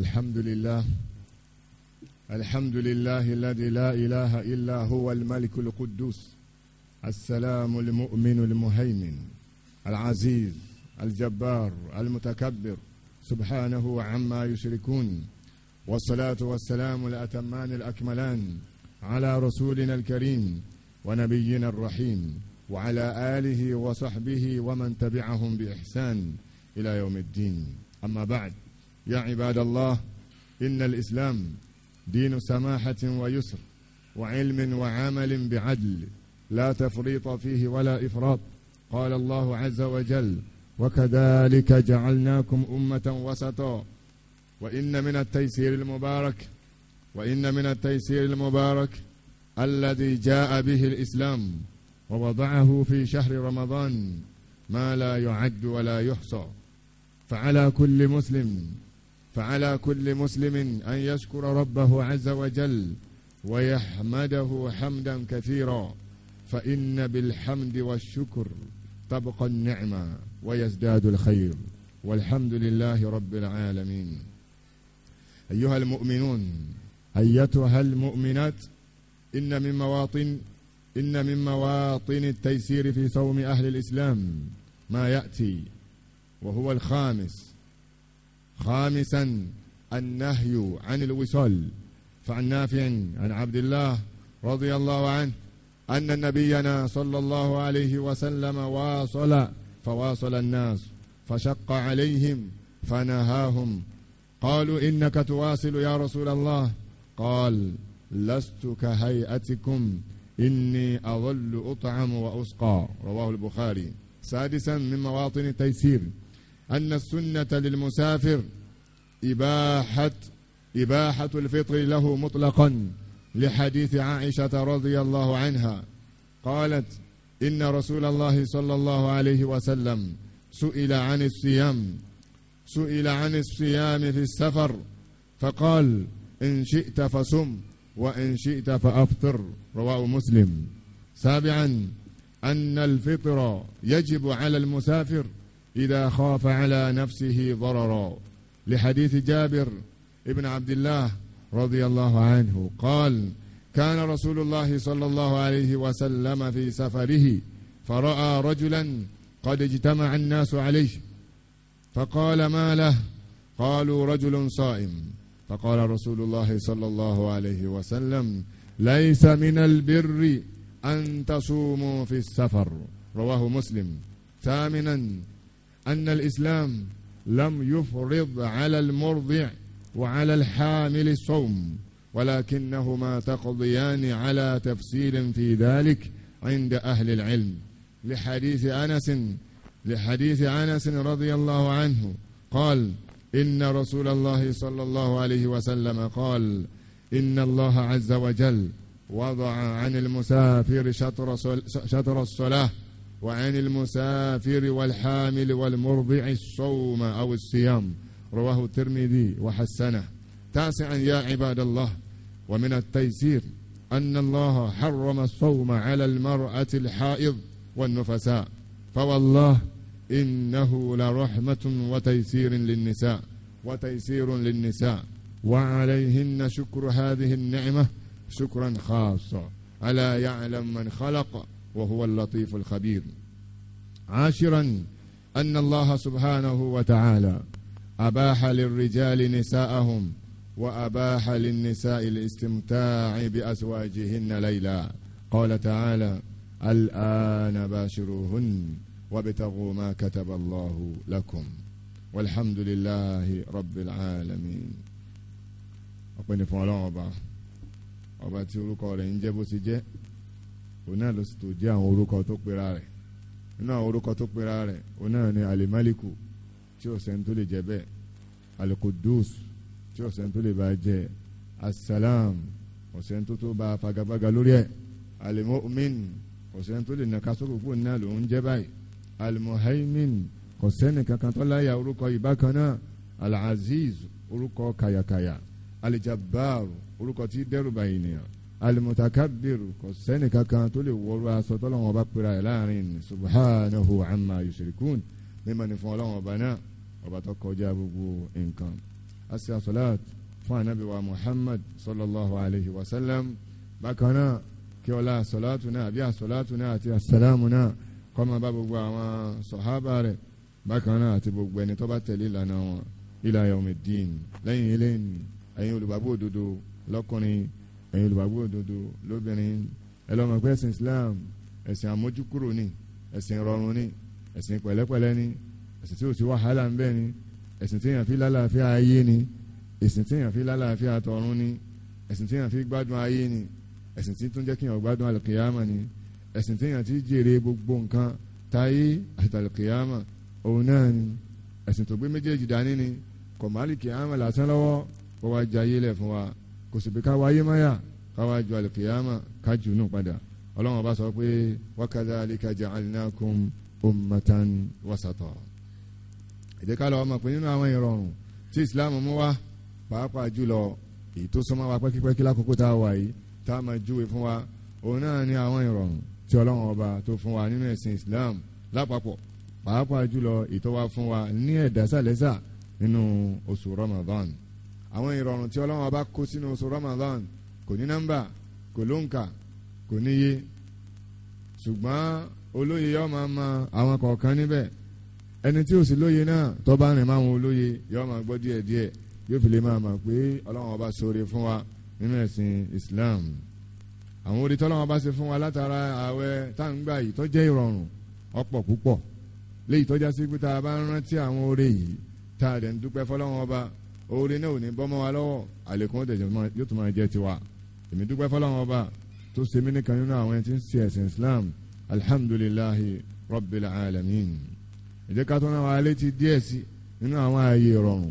الحمد لله الحمد لله الذي لا إله إلا هو الملك القدوس السلام المؤمن المهيمن العزيز الجبار المتكبر سبحانه عما يشركون والصلاة والسلام الأتمان الأكملان على رسولنا الكريم ونبينا الرحيم وعلى آله وصحبه ومن تبعهم بإحسان إلى يوم الدين أما بعد يا عباد الله إن الإسلام دين سماحة ويسر وعلم وعمل بعدل لا تفريط فيه ولا إفراط قال الله عز وجل وكذلك جعلناكم أمة وسطا وإن من التيسير المبارك وإن من التيسير المبارك الذي جاء به الإسلام ووضعه في شهر رمضان ما لا يعد ولا يحصى فعلى كل مسلم فعلى كل مسلم أن يشكر ربه عز وجل ويحمده حمدا كثيرا فإن بالحمد والشكر تبقى النعمة ويزداد الخير والحمد لله رب العالمين أيها المؤمنون أيتها المؤمنات إن من مواطن إن من مواطن التيسير في صوم أهل الإسلام ما يأتي وهو الخامس خامسا النهي عن الوصال فعن نافع عن عبد الله رضي الله عنه أن نبينا صلى الله عليه وسلم واصل فواصل الناس فشق عليهم فنهاهم قالوا إنك تواصل يا رسول الله قال لست كهيئتكم إني أظل أطعم وأسقى رواه البخاري سادسا من مواطن التيسير أن السنة للمسافر إباحة إباحة الفطر له مطلقا لحديث عائشة رضي الله عنها قالت إن رسول الله صلى الله عليه وسلم سئل عن الصيام سئل عن الصيام في السفر فقال إن شئت فصم وإن شئت فأفطر رواه مسلم سابعا أن الفطر يجب على المسافر إذا خاف على نفسه ضررا لحديث جابر ابن عبد الله رضي الله عنه قال كان رسول الله صلى الله عليه وسلم في سفره فرأى رجلا قد اجتمع الناس عليه فقال ما له قالوا رجل صائم فقال رسول الله صلى الله عليه وسلم ليس من البر أن تصوموا في السفر رواه مسلم ثامنا أن الإسلام لم يفرض على المرضع وعلى الحامل الصوم ولكنهما تقضيان على تفصيل في ذلك عند أهل العلم لحديث أنس لحديث أنس رضي الله عنه قال إن رسول الله صلى الله عليه وسلم قال إن الله عز وجل وضع عن المسافر شطر, شطر الصلاة وعن المسافر والحامل والمرضع الصوم أو الصيام رواه الترمذي وحسنه تاسعا يا عباد الله ومن التيسير أن الله حرم الصوم على المرأة الحائض والنفساء فوالله إنه لرحمة وتيسير للنساء وتيسير للنساء وعليهن شكر هذه النعمة شكرا خاصا ألا يعلم من خلق وهو اللطيف الخبير عاشرا أن الله سبحانه وتعالى أباح للرجال نساءهم وأباح للنساء الاستمتاع بأزواجهن ليلا قال تعالى الآن باشروهن وابتغوا ما كتب الله لكم والحمد لله رب العالمين أقول فعلا أبا أبا تقول إن جبوا سجه òun náà lọ sí tó jẹ́ àwọn orúkọ tó pera rẹ̀ nínú àwọn orúkọ tó pera rẹ̀ òun náà ni alimaliku tí ò sẹ́ni tó lè jẹ́ bẹ́ẹ̀ alikudus tí ò sẹ́ni tó lè bá jẹ́ asalam ò sẹ́ni tó tó bá fagafaga lórí ẹ̀ alimomin ò sẹ́ni tó lè nàka sókè kúrò náà lòún jẹ́ báyìí alimohaimin kò sẹ́ni kankan tó láyà orúkọ ìbákan náà alaziz orúkọ kàyàkàyà alijabar orúkọ tí dẹ́rù bá ènìyàn alimutakabiru kò sẹ́ni kankan tó lè wọ́rú aṣọ tọ́lọ́wọ́n bá pera ẹ̀ láàrin ní subhanahu amma yusirikun mímọ́ ni fún ọlọ́wọ́n ọba náà ọba tó kọjá gbogbo nǹkan. asi asolat fún anabi wa muhammad sallallahu alayhi wa sallam bákan náà kí ọlá asolatu náà àbí asolatu náà àti asalamu náà kó máa bá gbogbo àwọn sọ̀hábà rẹ̀ bákan náà àti gbogbo ẹni tó bá tẹ̀lé ìlànà wọn ila yawmiddin lẹ́yìn eléyìn ẹ̀yin olùgbàgbọ́ òdodo lọ́kùnrin ẹ̀yin olùgbàgbọ́ òdodo lóbìnrin ẹ lọ́mọ pé ẹ̀sìn Islam ẹ̀sìn àmójúkúrò ni ẹ̀sìn rọrùn ni ẹ̀sìn pẹ̀lẹ́pẹ̀lẹ́ ni ẹ̀sìn tí ò sí wàhálà ń bẹ ni ẹ̀sìn tí èèyàn fi lálàáfíà ayé ni ẹ̀sìn tí èèyàn fi lálàáfíà tọ̀run ni ẹ̀sìn tí èèyàn fi gbádùn ayé ni ẹ̀sìn tí tún jẹ́ kí èèyàn gbádùn alùkìyàmà ni ẹ̀sìn tí èèyàn ti jèrè gbogbo nǹkan táyé àti alùkìyàmà òun náà ni ẹ̀sìn tó gbé méjèèjì dání ni kọ̀málì kìyàmà lásán lọ́wọ́ kó wá jayé lẹ̀ fún wa kò sì bí káwa ayé máyà káwa ju àlùkìyàmà kájú nù padà ọlọ́run ọba sọ pé wa kadhalika ja'alnakum ummatan wasata ẹ̀jẹ̀ ká lọ ọmọ pé nínú àwọn ìrọ̀rùn tí ìsìláàmù mú wá pàápàá jùlọ èyí tó súnmọ́ wa pẹ́kípẹ́kí lákòókò tá a wà yìí tá a máa júwe fún wa òun náà ní àwọn ìrọ̀rùn tí ọlọ́run ọba tó fún wa nínú ẹ̀sìn islam lápapọ̀ pàápàá jùlọ ìtọ́wá fún wa ní ẹ̀dásàlẹ́sà nínú oṣù ramadan àwọn ìrọ̀rùn tí ọlọ́run ọba kó sínú oṣù Ramadan kò ní nọ́mbà kò lóǹkà kò níye ṣùgbọ́n olóye yóò máa ma àwọn kọ̀ọ̀kan níbẹ̀ ẹni tí ò sí lóye náà tó bá rìn máa wọn olóye yóò máa gbọ́ díẹ̀ díẹ̀ yóò fi lè máa mọ̀ pé ọlọ́run ọba ṣoore fún wa nínú ẹ̀sìn Islam àwọn orí tọ́lọ́run ọba ṣe fún wa látara ààwẹ̀ táǹgbà yìí tó jẹ́ ìrọ̀rùn ọ̀pọ̀ púpọ̀ léyìí tó já sí pé tá a bá ń rántí àwọn oore yìí tá a dẹ̀ ń dúpẹ́ fọlọ́run ọba oore náà ò ní bọ́ mọ́ wa lọ́wọ́ àlékún òdè yóò tún máa jẹ́ tiwa èmi dúpẹ́ fọlọ́wọn ọba tó ṣe mí nìkan nínú àwọn tí ń ṣe ẹ̀sìn Islam alhamdulillahi rabbil alamin ẹ jẹ́ ká tó náà wá létí díẹ̀ sí nínú àwọn ààyè ìrọ̀rùn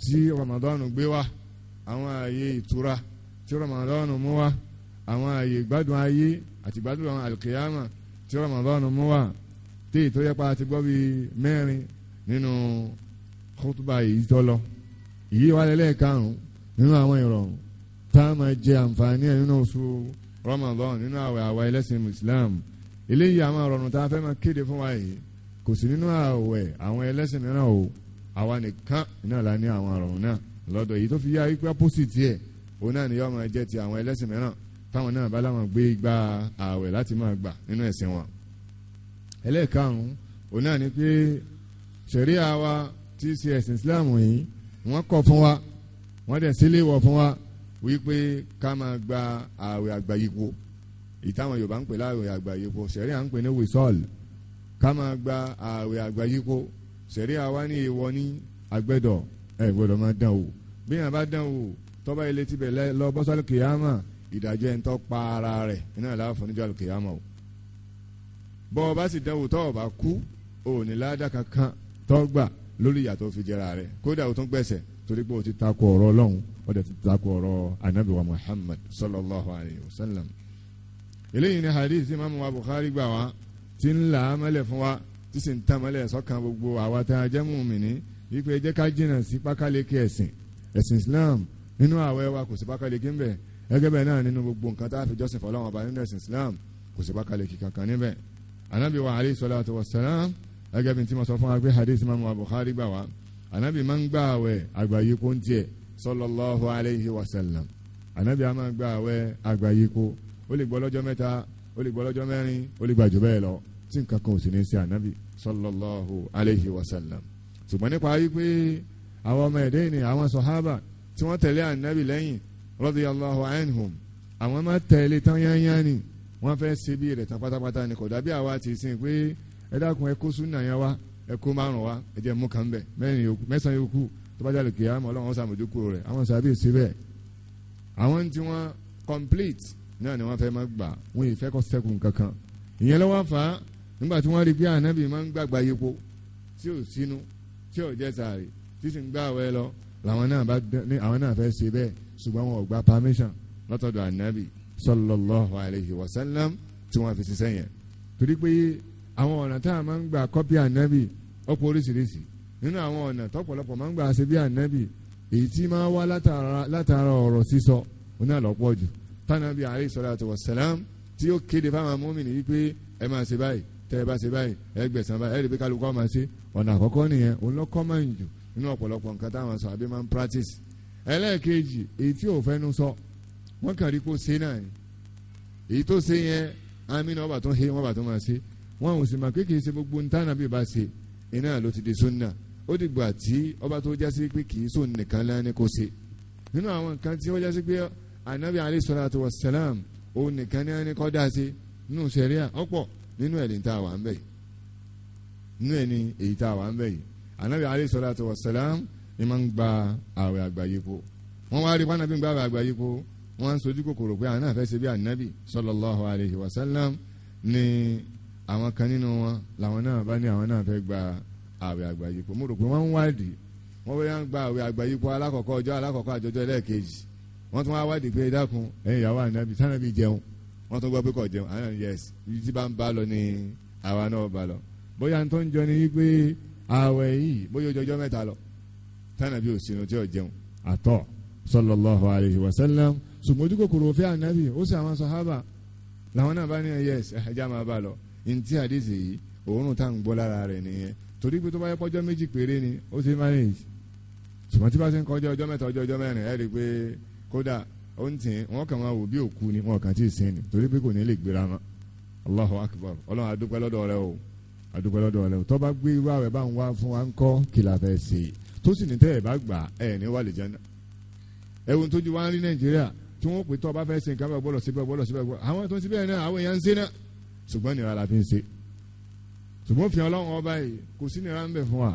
tí Ramadan gbé wá àwọn ààyè ìtura tí Ramadan mú wá àwọn ààyè gbádùn ayé àti gbádùn àwọn alkiyama tí Ramadan mú wá tí ìtòyẹ́pá ti gbọ́ bíi mẹ́rin nínú kótóbá yìí tọ́lọ́ yìí wà lẹ́lẹ́ karùn-ún nínú àwọn ìrọ̀rùn tá a máa jẹ àǹfààní ẹ̀ nínú oṣù Ramadan nínú àwẹ̀ àwa ẹlẹ́sìn Islam eléyìí àwọn ìrọ̀rùn tá a fẹ́ máa kéde fún wa yìí kò sí nínú àwẹ̀ àwọn ẹlẹ́sìn mìíràn o àwa nìkan náà la ní àwọn ìrọ̀rùn náà lọ́dọ̀ yìí tó fi yá wípé pósìtì ẹ̀ òun náà ni yóò máa jẹ́ ti àwọn ẹlẹ́sìn mìíràn táwọn náà bá láwọn gbé gba àwẹ̀ láti máa gbà nínú ẹ̀sìn wọn. ẹlẹ́ẹ̀karùn òun náà ni pé ṣẹ̀ríà wa tí í ṣe ẹ̀sìn Islam yìí wọ́n kọ̀ fún wa wọ́n dẹ̀ sílé wọ̀ fún wa wípé ká máa gba ààwẹ̀ àgbàyípo ìtàwọn Yorùbá ń pè láàwẹ̀ àgbàyípo sẹ̀rí à ń pè ní wísọ́ọ̀lù ká máa gba ààwẹ̀ àgbàyípo sẹ̀rí àwa ní ìwọ ní agbẹ́dọ̀ ẹ̀ gbọ́dọ̀ máa dán o bí yàn bá dán o tọ́ba ilé tibẹ̀ lọ bọ́sálù kìyàmà ìdájọ́ ẹ̀ ń tọ́ pa ara rẹ̀ iná ìlàáfọ̀ níjọ́ àlùkìyàmà o bọ́ ọ bá sì dán o tọ́ ọ bá kú òní ládàá kankan tọ́ gbà lórí ìyàtọ̀ fi jẹra rẹ kódà o tún gbẹ̀sẹ̀ torí pé o ti takò ọ̀rọ̀ ọlọ́run o dẹ̀ ti takò ọ̀rọ̀ anabi wa muhammad sallallahu alayhi wa sallam. eléyìí ni hadith imaamu wa bukhari gbà wá ti ń là á mẹ́lẹ̀ fún wa tí sì ń tà mẹ́lẹ̀ sọ́kàn gbogbo àwa tá a jẹ́ mùmíní wípé ẹ jẹ́ ká jìnnà sí pákáleke ẹ̀sìn ẹ̀sìn islam nínú àwẹ̀ wa kò sí pákáleke ń bẹ̀ ẹgẹ́ bẹ́ẹ̀ náà nínú gbogbo nǹkan tá a fi jọ́sìn fọlọ́wọn ọba nínú ẹ̀sìn islam kò sí pákáleke kankan níbẹ̀ anabi wa alayhi salatu wa salam gẹ́gẹ́ bí tí mo sọ fún wa pé hadith mamu abukhari gbà wá anabi máa ń gbà àwẹ̀ àgbàyíkó ń tiẹ̀ sallallahu alayhi wa sallam anabi a máa gbà àwẹ̀ àgbàyíkó ó lè gbọ́ lọ́jọ́ mẹ́ta ó lè gbọ́ lọ́jọ́ mẹ́rin ó lè gbàjọ́ bẹ́ẹ̀ lọ tí nǹkan kan ò sì ní í anabi sallallahu alayhi wa sallam ṣùgbọ́n nípa wípé àwọn ọmọ ẹ̀dẹ́ ni àwọn sọ̀hábà tí wọ́n tẹ̀lé ànábì lẹ́yìn radiyallahu ẹ dákun ẹ kó súnà yẹn wá ẹ kó márùn wá ẹ jẹ́ mú kan bẹ̀ mẹ́rin yòókù mẹ́sàn-án yòókù tó bá jáde kìí àmọ́ ọlọ́run sàmójú kúrò rẹ̀ àwọn sàbí ò sí àwọn tí wọ́n complete náà ni wọ́n fẹ́ máa gbà wọ́n yìí fẹ́ kọ́ sẹ́kùn kankan ìyẹn lọ́wọ́ fà á nígbà tí wọ́n rí pé ànábì máa ń gbàgbà yípo tí ò sínú tí ò jẹ́ sàárè tí sì ń gbà wẹ́ lọ làwọn náà bá ní àwọn náà fẹ́ ṣe bẹ́ẹ̀ ṣùgbọ́n wọn ò gba permission látọ̀dọ̀ ànábì sallallahu alayhi wa sallam tí wọ́n fi ṣiṣẹ́ yẹn torí pé àwọn ọ̀nà tá a máa ń gbà kọ́pì ànábì ọ̀pọ̀ oríṣiríṣi nínú àwọn ọ̀nà tọ́pọ̀lọpọ̀ máa ń gbà ṣe bí ànábì èyí tí máa wá látara ọ̀rọ̀ sísọ oná lọ́pọ̀ jù tánàbí alayhi salatu wassalam tí ó kéde fáwọn mọ́mìnì wípé ẹ máa ṣe báyìí tẹ́ ẹ bá ṣe báyìí ẹ gbẹ̀sán báyìí ẹ rí i pé kálukú máa ṣe ọ̀nà àkọ́kọ́ nìyẹn òun máa ń jù nínú ọ̀pọ̀lọpọ̀ nǹkan táwọn sọ àbí máa ń practice ẹlẹ́ẹ̀kejì èyí tí ò fẹ́nu sọ wọ́n kàn rí kó ṣe náà ni èyí tó ṣe yẹn amínà ọba tó ń ṣe wọ́n bá tó máa ṣe wọn ò sì mà kékeré ṣe gbogbo ntànà bí ba ṣe iná ló ti di sunna ó dìgbà tí ọba tó jásí pé kì í sùn nìkan lẹ́ni kó ṣe nínú àwọn nǹkan tí ó jásí pé anabi alayhi salatu wa salam òun nìkan lẹ́ni kọ́ dá ṣe nínú sẹ̀ríà ọ̀pọ̀ nínú ẹ̀lì tá a wà ń bẹ̀ yìí nínú ẹ̀ni èyí tá wà ń bẹ̀ yìí anabi alayhi salatu wa salam ni máa ń gba àwẹ̀ àgbáyé po wọ́n wá rí pàànàbí ń gba àwẹ̀ àgbáyé po wọ́n á sojú kòkòrò pé àná àfẹ́ ṣe bí anabi sallallahu alayhi wa salam ni àwọn kan nínú wọn làwọn náà bá ní àwọn náà fẹ́ gba àwẹ̀ àgbáyépo mo rò pé wọ́n ń wádìí wọ́n fẹ́ gba àwẹ̀ àgbáyépo alákọ̀ọ́kọ́ ọjọ́ alákọ̀ọ́kọ́ àjọjọ́ ẹlẹ́ẹ̀kejì wọ́n tún wá wádìí pé dákun ẹ̀yin ìyàwó ànábì sànàbì jẹun wọ́n tún gbọ́ pé kò jẹun àná yes ibi tí bá ń bá lọ ni àwa náà bá lọ bóyá tó ń jọ ni wípé àwẹ̀ yìí bóyá ojọjọ́ mẹ́ta lọ sànàbì ò sínú tí ò jẹun àtọ̀ sallallahu alayhi wa sallam ṣùgbọ́n ojú kòkòrò òfin ànábì ó sì àwọn sàhábà làwọn náà bá ní yes ẹ̀já máa bá lọ ntí àdìsí yìí òórùn tá à ń gbọ́ lára rẹ̀ nìyẹn torí pé tó bá yẹ kọjọ́ méjì péré ni ó ti manage ṣùgbọ́n tí bá ti ń kọjọ́ ọjọ́ mẹ́ta ọjọ́ ọjọ́ mẹ́rin ẹ̀ rí i pé kódà ó ń tìǹ wọ́n kàn máa wò bí òkú ni wọn kàn tí ì ni torí pé kò ní lè gbéra mọ́ Allahu akbar ọlọ́run adúpẹ́ lọ́dọ̀ rẹ o adúpẹ́ lọ́dọ̀ rẹ o tó bá gbé irú àwẹ̀ bá ń wá fún wa ń kọ́ kìlà fẹ́ ṣe tó sì ní tẹ́ ẹ̀ bá gbà ẹ̀ ní wà lè jẹ́ náà ẹ̀wọ̀n tójú wa ń rí Nàìjíríà tí wọ́n pè tó ọba fẹ́ ṣe nǹkan bẹ́ẹ̀ gbọ́dọ̀ síbẹ̀ gbọ́dọ̀ síbẹ̀ àwọn tó ń síbẹ̀ náà àwọn èèyàn ń ṣe náà ṣùgbọ́n nira la fi ń ṣe ṣùgbọ́n fi ọlọ́run ọba yìí kò sí nira ń bẹ̀ fún wa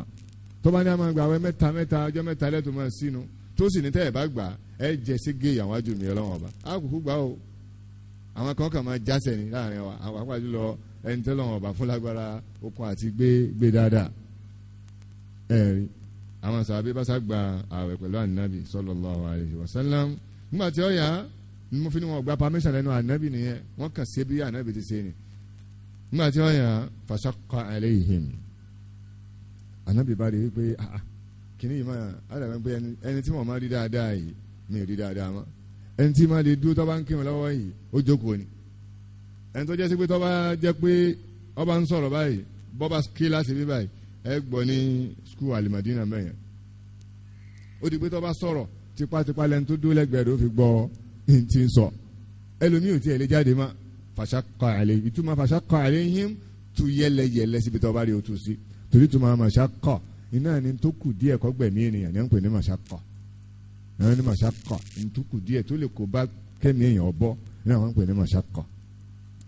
tó bá ní a máa gbà wẹ́ mẹ́ta mẹ́ta ọjọ́ mẹ́ta lẹ́tọ̀ máa sínú tó sì ní tẹ́ ẹ̀ bá gbà ẹ jẹ́ sége àwọn àjò mi ọlọ́run ọba á kúkú gbà o àwọn kan kàn máa jásẹ̀ ní láàrin wa àwọn àpàjù lọ ẹni tẹ́ lọ́run ọba fún lágbára okun àti gbé gbé dáadáa ẹ̀rí àwọn sàbí bá sàgbà ààwẹ̀ pẹ̀lú ànábì sallallahu alaihi wasallam nígbà tí ó yá mo fi ni wọn gba permission lẹ́nu ànábì nìyẹn wọ́n kàn ṣe bí ànábì ti ṣe nìyẹn nígbà tí wọ́n yàn fàṣàkọ àlẹ́ ìhìn ànábì bá rí i pé ah, ah, kìnnì yìí máa àdàbẹ̀ pé ẹni tí mo máa rí dáadáa yìí mi ò rí dáadáa mọ́ ẹni tí máa lè dúró tọ́ bá ń kírun lọ́wọ́ yìí ó jókòó ni ẹni tó jẹ́ sí pé tọ́ bá jẹ́ pé ọba ń sọ̀rọ̀ báyìí bọ́ba ké láti bí báyìí ẹ gbọ́ ní skul alimadina mẹ́yẹn ó di pé tọ́ sọ̀rọ̀ tipátipá lẹ́ni tó dúró lẹ́gbẹ̀ẹ́ fi gbọ́ ní ti ń sọ ẹlòmíì ò tiẹ̀ lè jáde máa fàṣàkọ àlẹ ìtumọ̀ fàṣàkọ àlẹ yín tu yẹlẹyẹlẹ síbi tó bá rí o tu sí torí tuma màṣàkọ iná ni tó kù díẹ̀ kọ́gbẹ̀mí ènìyàn ní à ń pè ní màṣàkọ náà ní màṣàkọ tó kù díẹ̀ tó lè kó bá kẹ́mi èèyàn ọ̀bọ ní àwọn ń pè ní màṣàkọ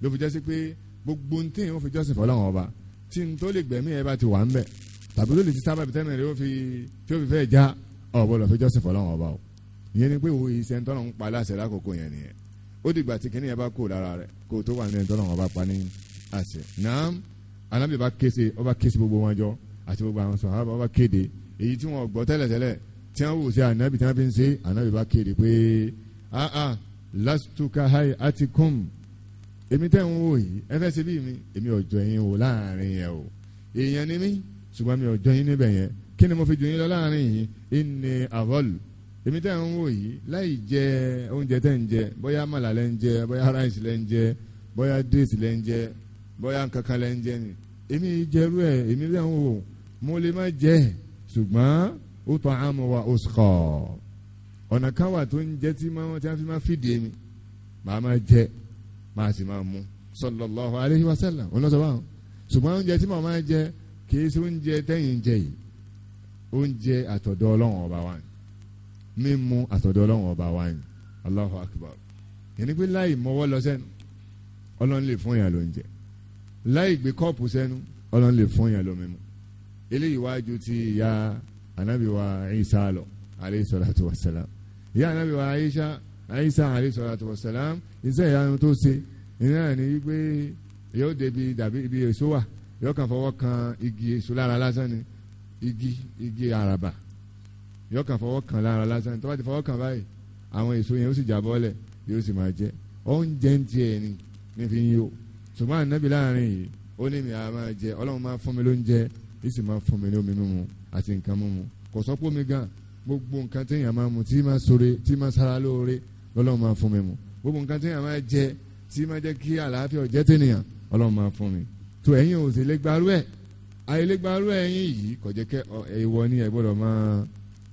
ló fi jásí pé gbogbo ní téèyàn ó fi jọ́sìn fọlọ́run ọba tí n lè gbẹ̀mí ẹ bá ti wà ń bẹ̀ tàbí ló lè ti sábà bí tẹ́lẹ̀ rẹ fi tí ó fi fẹ́ já ọ̀bọ fi jọ́sìn fọlọ́run ọba o ìyẹn ni pé òwe iṣẹ́ ń tọ́nà ń pa aláṣẹ lákòókò yẹn nìyẹn ó dìgbà tí kìnìyàn bá kó lára rẹ̀ kó tó wà nínú ìtọ́nà wọn bá pa ní àṣẹ. náà anábì bá kése ọba kése gbogbo wọn jọ àti gbogbo àwọn sọ̀rọ̀ ọba kéde èyí tí wọn gbọ́ tẹ́lẹ̀tẹ́lẹ̀ tí wọn wò sí anábì tí wọn fi ń ṣe anábì bá kéde pé aa lastuka hai ati kum èmi tẹ́ ń wò yìí ẹ fẹ́ ṣe bí mi èmi ọ̀jọ̀ yín wò láàrin yẹn o èèyàn ni mí ṣùgbọ́n mi ọ̀jọ̀ yín níbẹ̀ yẹn kí ni mo fi jù yín lọ láàrin yìí ìní àbọ̀lù èmi tẹ́ ń wò yìí láì jẹ oúnjẹ tẹ́ ń jẹ bóyá màlà lẹ́ ń jẹ bóyá ráìsì lẹ́ ń jẹ bóyá déètì lẹ́ ń jẹ bóyá nkankan lẹ́ ń jẹ ni èmi jẹrú ẹ̀ èmi tẹ́ ń wò mo lè má jẹ ṣùgbọ́n ó tọ́ àmọ́ wa ó sọ̀ ọ̀nà káwà tó ń jẹ́ tí máa tí wọ́n fi máa fìdí èmi màá máa jẹ màá sì máa mú sallallahu alaihi wa sallam ọlọ́sọ̀bá ṣùgbọ́n oúnjẹ tí màá máa jẹ kì í ṣe mímu àtọ̀dọ̀ ọlọ́run ọba wa yìí Allahu akbar yẹnni pé láì mọwọ́ lọ sẹ́nu ọlọ́run lè fún yàn lóúnjẹ láì gbé kọ́ọ̀pù sẹ́nu ọlọ́run lè fún yàn lómi mu eléyìí wájú ti ya anabi wa Isa lọ aleyhi salatu wa salam ya anabi Aisha Aisha aleyhi salatu wa salam iṣẹ́ ìyanu tó ṣe ìnáyà ni wípé yóò débi dàbí ibi èso wà yóò kàn fọwọ́ kan igi èso lára lásán ni igi igi àràbà yóò kàn fọwọ́ kàn lára lásán tó bá ti fọwọ́ kàn báyìí àwọn èso yẹn ó sì jábọ́lẹ̀ yóò sì máa jẹ oúnjẹ ń tiẹ̀ ni ní fi ń yó ṣùgbọ́n ànábì láàrin yìí ó ní mi àá máa jẹ ọlọ́run máa fún mi lóúnjẹ ó sì máa fún mi ní omi mímu àti nǹkan mímu kò sọ pé omi gan gbogbo nǹkan téèyàn máa mu tí máa ṣoore tí máa ṣara lóore lọ́lọ́run máa fún mi mu gbogbo nǹkan téèyàn máa jẹ tí máa jẹ́ kí àlàáfíà ọ̀jẹ́ téèyàn ọlọ́run máa fún mi tó ẹ̀yin ò sì lè gbarú ẹ̀ àìlè gbarú ẹ̀yin yìí kò jẹ́ kẹ́ ìwọ ni ẹ̀ gbọ́dọ̀ máa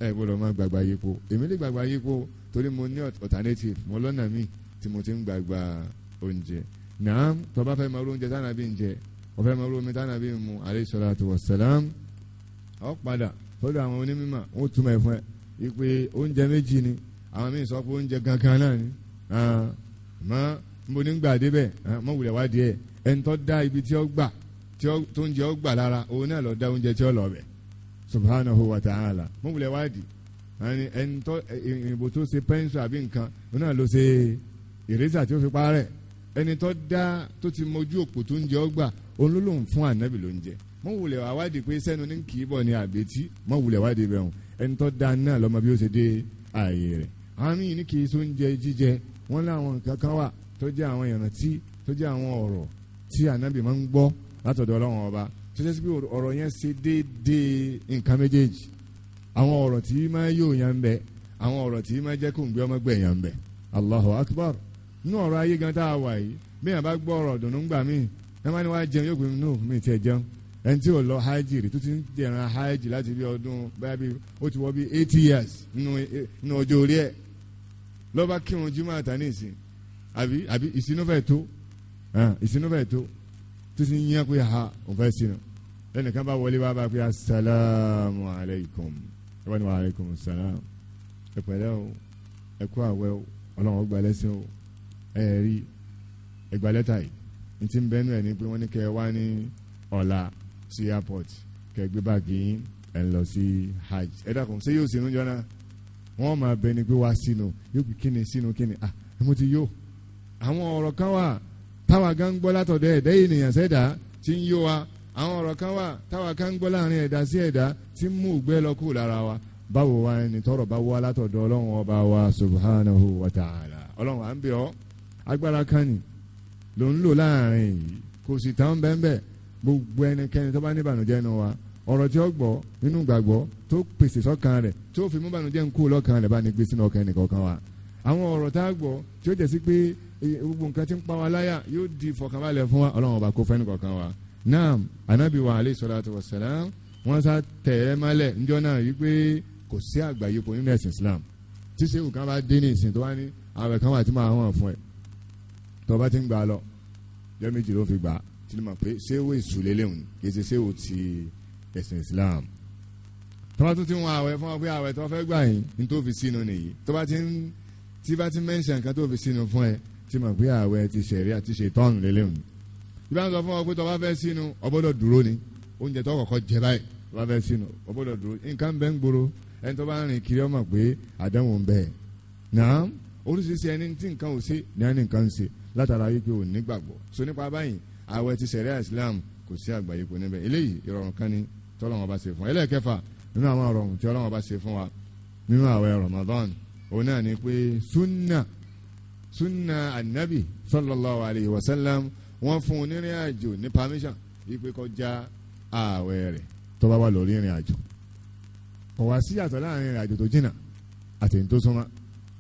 ẹ gbọ́dọ̀ máa gbàgbà yípo èmi lè gbàgbà yípo torí mo ní alternative mo lọ́nà míì tí mo ti ń gbàgbà oúnjẹ náà tó bá fẹ́ máa ro oúnjẹ tánà bí ń ó fẹ́ máa ro omi tánà bí ń mu alayhi salatu wassalam ó padà lọ́dọ̀ àwọn onímọ̀ ó túmọ̀ ẹ̀ fún ẹ ìpè oúnjẹ méjì ni àwọn míì sọ pé oúnjẹ gangan náà ni mọ́ mo ní gbà débẹ̀ mọ́ wulẹ̀ wá díẹ̀ ẹni tó dá ibi tí ó gbà tó ń ó gbà lára òun náà lọ dá oúnjẹ tí ó lọ bẹ̀ subhanahu wa ta'ala mo wulẹ̀ wádìí ẹni ẹni tó ìbò tó ṣe pẹ́ńsù àbí nǹkan òun náà ló ṣe ìrẹ́sà tí ó fi parẹ́ ẹni tó dá tó ti mojú òpó tó ń jẹ ọgbà òun ló lòun fún ànábì ló ń jẹ mo wulẹ̀ wá wádìí pé sẹ́nu ní kì í bọ̀ ní àbẹ́tí mo wulẹ̀ wádìí bẹ̀ hùn ẹni tó dá náà lọ́mọ bí ó ṣe dé ààyè rẹ̀ àwọn míì ní kì í sún jẹ jíjẹ wọn láwọn nǹkan wà tó jẹ́ àwọn ìrántí tó jẹ́ àwọn ọ̀rọ̀ tí ànábì máa ń gbọ́ látọ̀dọ̀ ọlọ́run ọba tó jẹ́ sí pé ọ̀rọ̀ yẹn ṣe déédéé nǹkan méjèèjì àwọn ọ̀rọ̀ tí máa yóò yan bẹ àwọn ọ̀rọ̀ tí máa jẹ́ kó ń gbé ọmọ gbẹ̀ yan bẹ Allahu Akbar nínú ọ̀rọ̀ ayé gan tá a wà yìí bí yàn bá gbọ́ ọ̀rọ̀ dùnú gbà mí ẹ má ní wàá jẹun yóò gbé mi nù mí tiẹ̀ jẹun ẹni tí ò lọ hajj rí tó ti ń jẹran hajj láti bí ọdún báyà bí ó ti wọ́ bí eighty years nínú ọjọ́ orí ẹ̀ lọ́ba kírun jimá àtàní ìsìn àbí àbí ìsinú fẹ́ tó ìsinú fẹ́ tó tó ti ń yẹn pé ha òun fẹ́ sínú lẹ́nu kan bá wọlé wá bá pé asalaamu alaykum ẹ wọ́n ní wa alaykum salaam ẹ pẹ̀lẹ́ o ẹ kú àwẹ̀ o ọlọ́run gba lẹ́sìn o ẹ rí ẹgbà lẹ́tà yìí n ti bẹ́nu ẹ̀ ni pé wọ́n ní kẹ́ ẹ wá ní ọ̀la sí airport kẹ́ gbé báàgì yín ẹ̀ ń lọ sí hajj ẹ dákun ṣé yóò sínú jọ náà máa bẹ ni pé wá sínú yóò kí kíni sínú kíni ah mo ti yó àwọn ọ̀rọ̀ kan wà táwa gan gbọ́ látọ̀dọ̀ ẹ̀dẹ́ ènìyàn sẹ́dá ti ń yó wa àwọn ọ̀rọ̀ kan wà táwa kan gbọ́ láàrin ẹ̀dá sí ẹ̀dá tí mú ògbẹ́ lọ kú lára wa báwo wa ni tọrọ bá wá látọ̀dọ̀ ọlọ́run ọba wa subhanahu wa ta'ala ọlọ́run à ń bẹ̀ ọ́ agbára kan ni ló ń lò láàrin yìí kò sì tán bẹ́ẹ̀ gbogbo ẹnikẹ́ni tó bá ní ìbànújẹ́ nu wa ọ̀rọ̀ tí ó gbọ́ nínú ìgbàgbọ́ tó pèsè sọ́kàn rẹ̀ tó fi mú ìbànújẹ́ ń kú lọ́kàn rẹ̀ bá ní gbé sínú ọkàn ẹnìkọ̀ọ̀kan wa àwọn ọ̀rọ̀ tá a gbọ́ tí ó jẹ́ sí pé e, gbogbo nǹkan tí ń pa wa láyà yóò di ìfọ̀kànbalẹ̀ fún wa ọlọ́run ọba kó fẹ́ nìkọ̀ọ̀kan wa naam anabi wa aleyhi salatu wa salam wọ́n sá tẹ̀ ẹ́ mọ́lẹ̀ níjọ́ náà yí pé kò sí àgbáyépo nínú ẹ̀sìn islam tí sẹ́wù kan bá dé ní ìsìn tó wá ní àwẹ̀ kan wà tí máa hàn fún ẹ̀ tó bá ti ń gbà lọ jẹ́ méjì fi gbà tí ló mọ̀ pé sẹ́wù ìsúlélẹ́hùn kì í ṣe sẹ́wù ti ẹ̀sìn islam tó bá tún ti ń wọn àwẹ̀ fún ọ pé àwẹ̀ tó fẹ́ gbà yín ní tó fi sínú nìyí tó bá ti ń tí bá ti mẹ́ńṣẹ̀ nǹkan tó fi sínú fún ẹ tí mọ̀ pé àwẹ̀ ti ṣẹ̀rí àti ṣètọ́nù lélẹ́hùn ìbá ń sọ fún ọ pé tó bá fẹ́ sínú ọ gbọ́dọ̀ dúró ni oúnjẹ tó kọ́kọ́ jẹ báyìí tó bá fẹ́ sínú ọ gbọ́dọ̀ dúró nǹkan bẹ́ ń gbòòrò ẹni tó bá ń rìn kiri ọmọ pé àdánwò ń bẹ náà oríṣiríṣi ẹni tí nǹkan ò ṣe ni ẹni nǹkan ń ṣe látara wípé ò ní gbàgbọ́ so nípa báyìí àwẹ̀ ti sẹ̀rẹ́ Islam kò sí àgbáyé kò níbẹ̀ eléyìí ìrọ̀rùn kan ni tọ́lọ́wọ́n bá ṣe fún wa ẹlẹ́ẹ̀kẹfà nínú àwọn Ramadan òun náà ni sunna sunna anabi sallallahu alayhi wa sallam wọ́n fún un nírìn àjò ní permission ìpè kọjá ààwẹ̀ rẹ̀ tó bá wà lórí ìrìn àjò kò wá sí yàtọ̀ láàrin ìrìn àjò tó jìnnà àtẹ̀yìn tó súnmọ́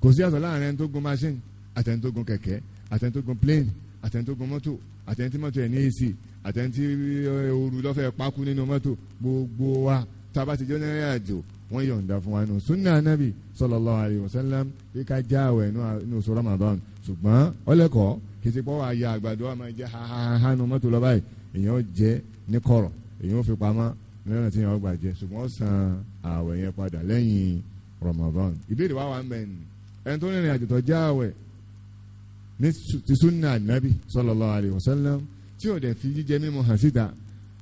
kò sí yàtọ̀ láàrin ẹni tó gun machine àtẹ̀yìn tó gun kẹ̀kẹ́ àtẹ̀yìn tó gun plane àtẹ̀yìn tó gun mọ́tò àtẹ̀yìn tí mọ́tò ẹ̀ ní AC àtẹ̀yìn tí eh, ooru lọ́fẹ̀ẹ́ pákú nínú mọ́tò gbogbo wa tá a bá ti jẹ́ onírìn àjò wọ́n yọ̀ǹda fún wa nù sunna anabi sallallahu alayhi wa sallam kíkà já àwẹ̀ nù sọ Ramadan ṣùgbọ́n ọlẹ́kọ̀ọ́ kìsì pọ́ wàá ya àgbàdo àmọ́ jẹ́ hahahanu mọ́tò lọ báyìí èèyàn jẹ́ ní kọ̀rọ̀ èèyàn fi pamọ́ lẹ́yìn tí èèyàn gbà jẹ́ ṣùgbọ́n san ààwẹ̀ yẹn padà lẹ́yìn Ramadan ìbéèrè wa wà ń bẹ̀ ni ẹni tó rìnrìn àjò tó jẹ́ ààwẹ̀ ní ti sunna anabi sallallahu alayhi wa sallam tí ò dẹ̀ fi jíjẹ mímu hàn síta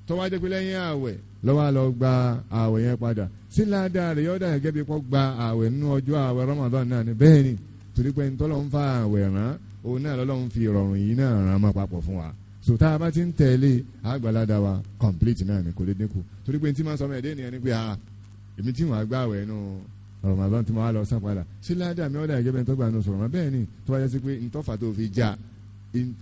tó wá jẹ́ pé lẹ́yìn ààwẹ̀ lọ́wọ́ lọ gba ààwẹ̀ yẹn padà síláàdá rẹ̀ yọ̀ọ́dà Ramadan náà ni torí pé ntọ́lọ́ ń fa àwẹ̀ rán òun náà lọ́lọ́run fi ìrọ̀rùn yìí náà ràn má papọ̀ fún wa sòtá a bá ti ń tẹ̀lé àgbàládà wa complete náà ni kò lè dínkù torí pé ntí máa sọ ọmọ ẹ̀dẹ́ ènìyàn ni pé ah èmi tí wọn àgbà àwẹ̀ nù ọ̀rọ̀ màá bá ti máa lọ sàn padà ṣé ládàá mi ọ̀dà ìjẹ́bẹ̀ ntọ́gbà nù sọ̀rọ̀ mọ́ bẹ́ẹ̀ ni tó wáyé sí pé ntọ́fà tó fi já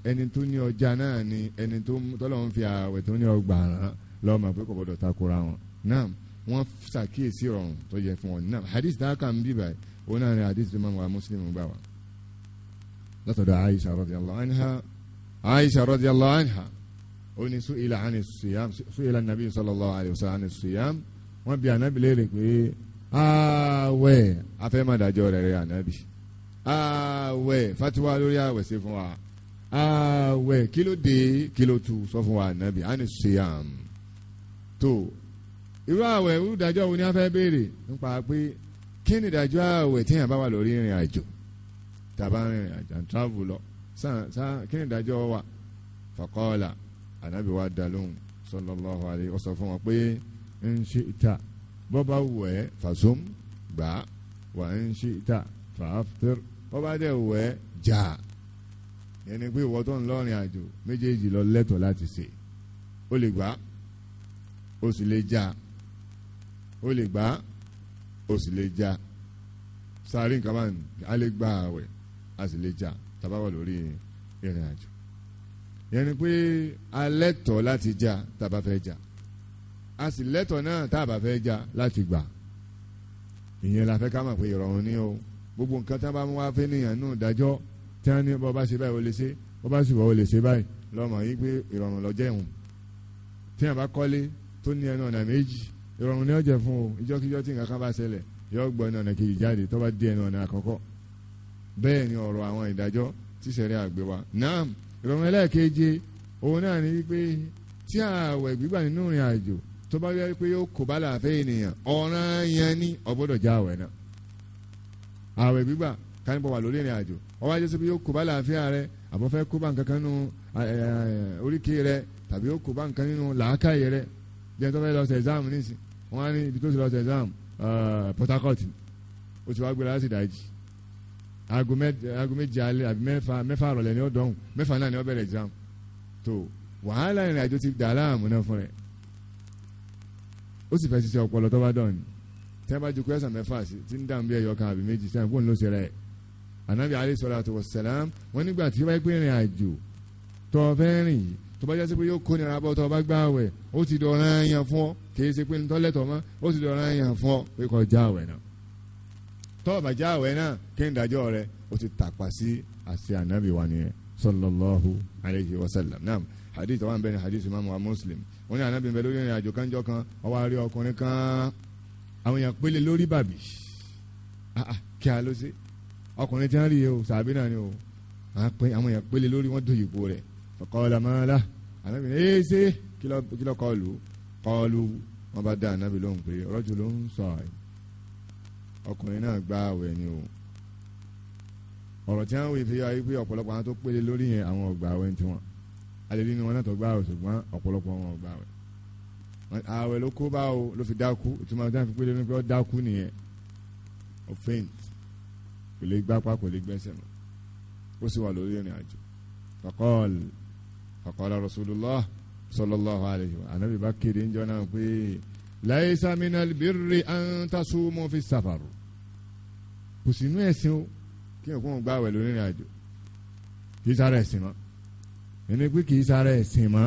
ẹni tó ní ọjà náà ni ẹni tó tọ́lọ́run fi àwẹ̀ tó ní ọgbà rán lọ́mọ pé kò gbọ́dọ̀ takora wọn náà wọ́n ṣàkíyèsí ọ̀rùn tó yẹ fún wọn náà hadith dáhà kan bíbáyìí òun náà ni hadith tí mọ̀mọ́ Muslim gbà wá látọ̀dọ̀ Aisha radiyallahu anha Aisha radiyallahu anha ó ní su'ila ani siyam su'ila nabi sallallahu alayhi wa sallam ani siyam wọ́n bi anabi léèrè pé ààwẹ̀ afẹ́mọ̀dájọ́ rẹ̀ rẹ̀ anabi ààwẹ̀ fatiwa lórí ààwẹ̀ ṣe fún wa ààwẹ̀ kí ló dé kí ló tu sọ fún wa anabi ani siyam tó irú ààwẹ̀ irú ìdájọ́ wo ni a béèrè nípa pé kí ni ìdájọ́ ààwẹ̀ tí yàn bá wà lórí ìrìn àjò tàbá rìnrìn àjò and travel lọ kí ni ìdájọ́ wà fàkọ́ọ̀là ànábì wa dá lóhùn sallallahu alaihi ó sọ fún wọn pé ń ṣe ìta bọ́ bá wù ẹ́ fàṣọm gbà wà ń ṣe ìta fàáfẹ́r bọ́ bá dẹ̀ wù jà yẹn pé ìwọ tó ń lọ́rìn àjò méjèèjì lọ lẹ́tọ̀ọ́ láti ṣe ó lè gbà ó sì lè jà ó lè gbà o sì lè já sáré nǹkan báyìí a lè gba àwẹ̀ a sì lè já tàbá wà lórí ìrìn àjò yẹn ni pé alẹ́ tọ̀ láti já tàbá fẹ́ já a sì lẹ́tọ̀ náà tàbá fẹ́ já láti gbà ìyẹn la fẹ́ ká mọ̀ pé ìrọ̀rùn ni o gbogbo nǹkan tá a bá mú wá fẹ́ níyàn nù dájọ́ tí wọ́n ní bọ́ bá ṣe báyìí o lè ṣe bọ́ bá sì wọ́ o lè ṣe báyìí lọ́mọ yìí pé ìrọ̀rùn lọ́jọ́ ìhùn tí wọ́n bá kọ́lé tó ní ẹnu ọ̀nà méjì ìrọ̀rùn ni ó jẹ fún o ìjọ́kíjọ́ tí nǹkan kan bá ṣẹlẹ̀ yóò gbọ́ ẹnu ọ̀nà kejì jáde tó bá dé ẹnu ọ̀nà àkọ́kọ́ bẹ́ẹ̀ ni ọ̀rọ̀ àwọn ìdájọ́ tí sẹ̀rí àgbẹ̀ wa náà ìrọ̀rùn ẹlẹ́ẹ̀keje òun náà ni wípé tí ààwẹ̀ gbígbà nínú ìrìn àjò tó bá yẹ pé yóò kó bá làáfẹ́ ènìyàn ọ̀ràn yẹn ní ọgbọ́dọ̀ já ààwẹ̀ náà ààwẹ̀ gbígbà kánípọ̀ wà lórí ìrìn àjò ọwọ́ ajé sọ pé yóò kó bá làáfíà rẹ àbọ̀ fẹ́ kó bá nǹkan kan nínú oríkèé rẹ tàbí yóò kó bá nǹkan nínú làákàyè rẹ jẹ́ tó fẹ́ lọ ṣe ẹ̀sáàmù nísìn wọ́n á ní ibi tó ti lọ ṣe exam uh, Port Harcourt ó ti wá gbé láti dájì aago méje alẹ́ àbí mẹ́fà mẹ́fà rọ̀lẹ́ ni ó dọ̀hùn mẹ́fà náà ni ó bẹ̀rẹ̀ exam tó wàhálà ìrìn àjò ti dà láàmú náà fún rẹ̀ ó sì fẹ́ ṣiṣẹ́ ọpọlọ tó bá dọ̀ni tẹ́ bá ju kwẹ́sàn mẹ́fà sí ti ń dà bí ẹ̀yọ kan àbí méjì sẹ́yìn kó ń lọ sí rẹ̀ anabi alayhi salatu wassalam wọ́n nígbà tí wọ́n gbé ìrìn àjò tó fẹ́ rìn yìí tó bá jásí pé yóò kó nira bọ́ tó bá gbà wẹ̀ ó ti dọ̀ràn yàn fún ọ kìí ṣe pé nítorí lẹ́tọ̀ mọ́ ó ti dọ̀ràn yàn fún ọ pé kó já àwẹ̀ náà tó bá já àwẹ̀ náà kí n dájọ́ rẹ ó ti tàpá sí àṣẹ ànábì wa nìyẹn sallallahu alayhi wa sallam naam hadith wa bẹ́ẹ̀ ni hadith imaamu wa muslim wọn ní ànábì bẹ́ẹ̀ lórí ìrìnàjò kánjọ́ kan ọwọ́ àrí ọkùnrin kan àwọn èèyàn pélé lórí bàbí ah, ah, kí a ló ṣe ọkùnrin tí wọ́n rí yìí o sàbí náà ni o àwọn èèyàn pélé lórí wọn dòyìnbó rẹ̀ ọ̀kọ́ọ̀lá máa la ànábì ní ee eh, ṣe kí lọ kọlù kọlù wọn bá dá ànábì lóhùn pé ọlọ́jù ló ń sọ àì ọkùnrin náà gba àwẹ̀ ni o ọ̀rọ̀ tí wọ́n wí fi ayé pé ọ̀pọ̀lọpọ̀ àwọn tó pélé lórí yẹn àwọn ọ̀gbà àwẹ̀ ti wọn alẹ́lí ni wọn náà tó gbà àwẹ̀ ṣùgbọ́n ọ̀pọ̀lọpọ̀ wọn ọ̀gbà àwẹ̀ àwẹ̀ ló kó bá o ló fi dákú ìtumọ̀ tí wọ́n fi pélé lórí pé ó dákú nìyẹn ó faint kò lè gbápá kò lè gbẹ́sẹ̀ mọ́ ó sì wà lórí ìrìn àjò kọ́kọ́ọ̀lù fàkọ́lá rasulullah sallallahu alayhi wa anabi bá kéde ń jọ́nà pé laisa minal birri an tasumu fi safar kò sí inú ẹ̀sìn o kí n kò ń gbààwẹ̀ lórí ìrìn àjò kì í sára ẹ̀sìn mọ́ ẹni pé kì í sára ẹ̀sìn mọ́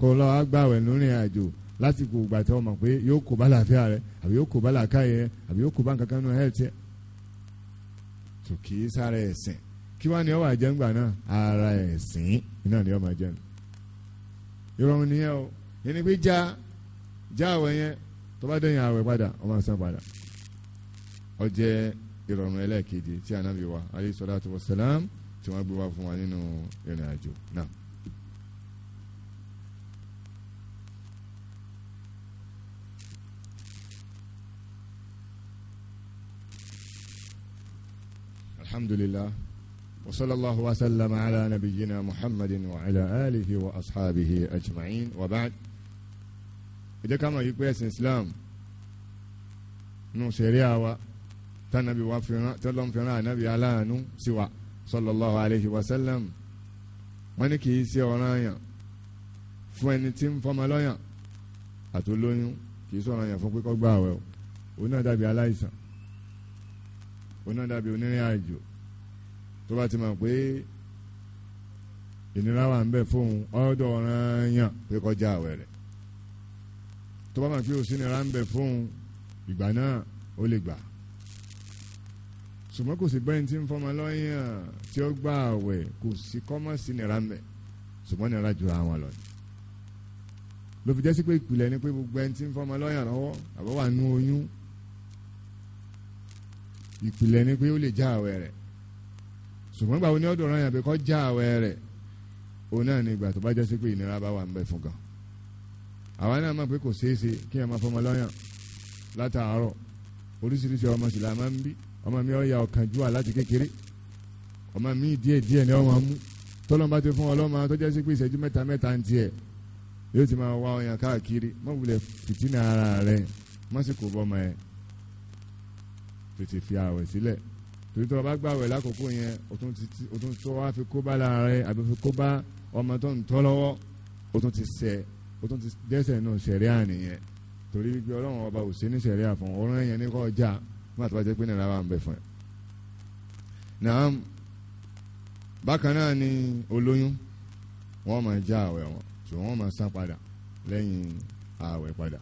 kó lọ́ọ́ gbààwẹ̀ lórí ìrìn àjò lásìkò ìgbà tí wọ́n mọ̀ pé yóò kó bá làáfíà rẹ àbí yóò kó bá làákàyè rẹ àbí yóò kó bá nǹkan kan nù health yẹ iná ni ọmọ jẹ nù ìrọ̀rùn nìyẹn o yẹn ni pé já já àwẹ̀ yẹn tó bá dẹ̀yìn àwẹ̀ padà ọmọ sàn padà ó jẹ́ ìrọ̀rùn ẹlẹ́ẹ̀kejì tí anabi wa alayhi salatu wa tí wọ́n gbé wá fún wa nínú ìrìn àjò náà. alhamdulillah وصلى الله وسلم على نبينا محمد وعلى آله وأصحابه أجمعين وبعد إذا كما يقول إسلام نو شريعة و تنبي وفنا تلهم فنا نبي على نو سوى صلى الله عليه وسلم wọ́n kì í ṣe ọ̀ràn yàn fún ẹni tí ń fọmọ lọ́yàn àtolóyún kì í tó bá ti mọ̀ pé ìnira wà ń bẹ fóun ọ̀dọ̀ ọ̀ràn yàn pé kọjá àwẹ̀ rẹ̀ tó bá mọ̀ pé òsì nira ń bẹ fóun ìgbà náà ó lè gbà ṣùgbọ́n kò sí bẹ́ẹ̀ tí ń fọmọ lọ́yàn tí ó gbà àwẹ̀ kò sí kọ́mọ̀ sí nira ń bẹ ṣùgbọ́n nira ju àwọn lọ ni ló fi jẹ́ sí pé ìpìlẹ̀ ni pé gbogbo ẹni tí ń fọmọ lọ́yàn lọ́wọ́ àbọ̀ wà nú oyún ìpìlẹ̀ ni pé ó lè já àwẹ̀ rẹ̀ ṣùgbọ́n gbàwo ní ọ̀dọ̀ ọ̀ranyàn pé kó já àwẹ̀ rẹ̀ òun náà ni ìgbà tó bá jẹ́ sí pé ìnira bá wà ń bẹ fún gan àwa náà mọ̀ pé kò ṣeé ṣe kí ẹ máa fọmọ lọ́yàn látàárọ̀ oríṣiríṣi ọmọ sì la máa ń bí ọmọ mi ọ̀ya ọ̀kan jù wà láti kékeré ọmọ mi díẹ̀ díẹ̀ ni ọmọ mú tọ́lọ́mọ ti fún ọlọ́mọ tó jẹ́ sí pé ìṣẹ́jú mẹ́ta mẹ́ta ń tiẹ̀ yóò ti máa wá ọyàn káàkiri má wulẹ̀ fìtínà ara rẹ̀ má sì kò bọ́ ọmọ ẹ̀ tètè fi àwẹ̀ sílẹ̀ torí tó o bá gbàwẹ̀ lákòókò yẹn o tún tó wá fi kóbá lára rẹ àbí fi kóbá ọmọ tó ń tọ́ lọ́wọ́ o tún ti ṣẹ̀ o tún ti dẹ́ṣẹ̀ nù sẹ̀ríà nìyẹn torí wípé ọlọ́run ọba ò sí ní sẹ̀ríà fún ọ̀rọ̀ yẹn ní kọ́ ọjà má tó jẹ́ pé nàrà wà ń bẹ̀ fún ẹ. náà bákan náà ni olóyún wọ́n máa já àwẹ̀ wọn ṣùgbọ́n wọ́n máa sá padà lẹ́yìn àwẹ̀ padà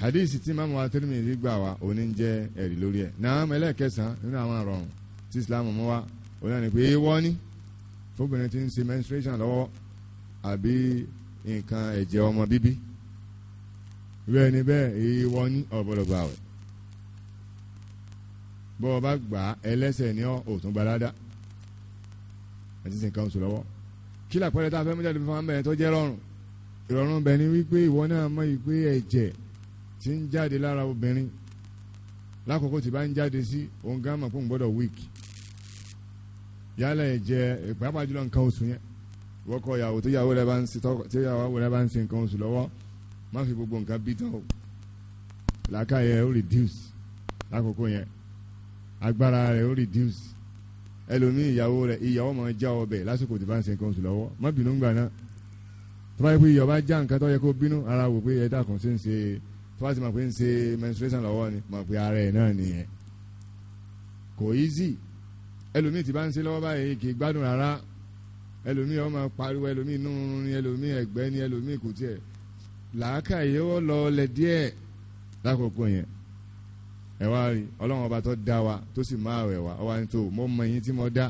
hadisi tí mamu atirimidi wa wá òní ń jẹ́ ẹ̀rí lórí ẹ̀ náà ẹlẹ́ẹ̀kẹsàn nínú àwọn àrọ̀rùn tí islam mú wá òun náà ni pé wọ́n ní fóbìnrin ń ṣe menstruation lọ́wọ́ àbí nǹkan ẹ̀jẹ̀ ọmọ bíbí bẹ́ẹ̀ ni bẹ́ẹ̀ èyí wọ́n ní ọ̀bọ̀lọ̀ gbà wẹ̀ bọ́ ọ bá gbà ẹlẹ́sẹ̀ ní òtún gbalada àti sìnkà oṣù lọ́wọ́ kí làpẹ́rẹ́ tá a fẹ́ jáde fún wa ń bẹ̀rẹ̀ tó jẹ́ rọrùn ìrọ̀rùn ni wípé ìwọ náà mọ̀ ìpè ẹ̀jẹ̀ tí ń jáde lára obìnrin lákòókò tí bá ń jáde sí òun gan mọ̀ pé òun gbọ́dọ̀ wíìkì yálà ẹ̀jẹ̀ pàápàá jùlọ nǹkan oṣù yẹn wọ́kọ̀ ìyàwó tó yàwó rẹ̀ bá ń ṣe tó yàwó rẹ̀ bá ń ṣe nǹkan oṣù lọ́wọ́ má fi gbogbo nǹkan bí tán o làákàyè ó reduce lákòókò yẹn agbára rẹ̀ ó reduce ẹlòmíì ìyàwó rẹ̀ ìyàwó máa já ọbẹ̀ lásìkò tó bá ń ṣe nǹkan oṣù lọ́wọ́ má bínú gbà náà tó bá yẹ kó ìyàwó bá já nǹkan tó yẹ kó bínú ara wò pé ẹ dákun ṣe ń ṣe tó bá ti mọ̀ pé menstruation lọ́wọ́ ni mọ̀ pé ara ẹ̀ náà nìyẹn kò easy ẹlòmíì ti bá ń ṣe lọ́wọ́ báyìí kì í gbádùn rárá ẹlòmíì ó máa pariwo ẹlòmíì inú rúnrún ni ẹlòmíì ẹ̀gbẹ́ ni ẹlòmíì kò tiẹ̀ làákàyè ó lọ lẹ̀ díẹ̀ lákòókò yẹn ẹ wá rí ọlọ́run ọba tó dá wa tó sì máa wẹ̀ wá ọwọ́ àti tó mo mọ ẹyin tí mo dá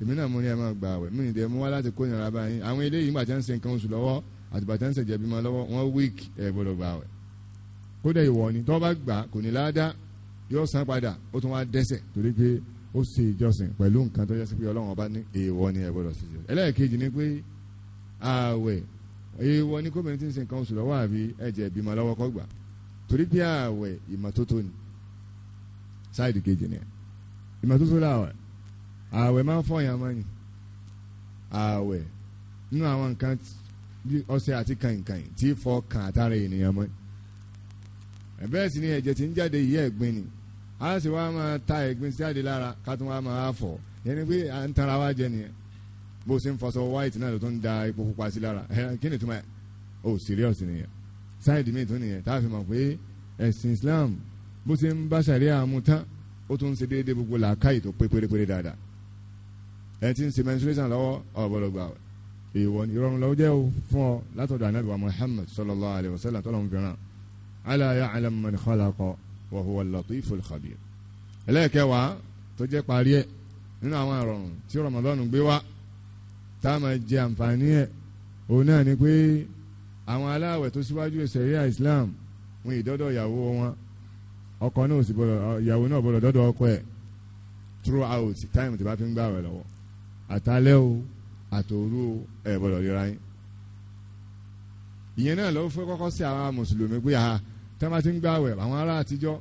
èmi náà mo ní ẹ máa gbà wẹ̀ mí nìdẹ́ mo wá láti kó ìnira báyìí àwọn eléyìí gbàtí à ń ṣe nǹkan oṣù lọ́wọ́ àtìgbàtí à ń ṣe jẹ̀bímọ lọ́wọ́ wọ́n wíìkì ẹ̀ gbọ́dọ̀ gbà wẹ̀ kódà ìwọ ni tó bá gbà kò ní láàdá yóò san padà ó tún wá dẹ́ṣẹ̀ torí pé ó ṣe ìjọsìn pẹ̀lú nǹkan tó yẹ sí pé ọlọ́run ọba ní èèwọ̀ ni ẹ gbọ́dọ̀ sí i ẹlẹ́ẹ̀kejì ni pé ààwẹ̀ èèwọ̀ ni kóbìnrin tí ń ṣe nǹkan oṣù lọ́wọ́ àbí ẹ̀jẹ̀ ìbímọ lọ́wọ́ kọ́ gbà torí pé ààwẹ̀ ìmọ́tótó ni sáìdì kejì ni ìmọ́tótó làwẹ̀ ààwẹ̀ máa ń fọyàn mọ́ni ààwẹ̀ nínú àwọn nǹkan ọṣẹ àti kàìnkàìn tí fọ kàn àtàrà ènìyàn mọ́ni bẹ́ẹ̀ sì ni ẹ̀jẹ̀ tí ń jáde yìí ẹ̀gbin ni a sì wá máa ta ẹ̀gbin jáde lára ká tún wá máa fọ̀ yẹn ni pé à ń tanra wá jẹ nìyẹn bó o ṣe ń fọṣọ white náà ló tún da epo pupa sí lára kí ni túmọ̀ ẹ̀ o serious nìyẹn side mi tún nìyẹn tá a fi mọ̀ pé ẹ̀sìn Islam bó ṣe ń bá sàríà mu tán ó tún ń ṣe déédéé gbogbo làákàyè tó pé pérépéré dáadáa ẹ ti ń ṣe menstruation lọ́wọ́ ọ̀bọ̀lọ̀ gbà ìwọ ìrọ̀rùn lọ́wọ́ jẹ́ o fún ọ látọ̀dọ̀ anábìwá Muhammad sallallahu alayhi wa sallam tọ́lọ́mù fẹ́ràn ala ya'lam man khalaqa wa huwa al-latiful khabir ẹlẹ́ẹ̀kẹwàá tó jẹ́ parí ẹ̀ nínú àwọn àrọ̀rùn tí Ramadan gbé wá tá a máa jẹ àǹfààní ẹ̀ òun náà ni pé àwọn aláwẹ̀ tó síwájú ìṣẹ̀ríà Islam wọn ìdọ́dọ̀ ìyàwó wọn ọkọ náà sì bọ̀dọ̀ ìyàwó náà bọ̀dọ̀ dọ́dọ̀ ọkọ ẹ̀ throughout time tí bá fi ń gbà wẹ̀ lọ́wọ́ àtàlẹ́ o àtòru o ẹ̀ bọ̀dọ̀ ríra yín ìyẹn náà ló fẹ́ kọ́kọ́ sí àwọn mùsùlùmí pé tẹ́ bá ti ń gbàwẹ̀ àwọn ará àtijọ́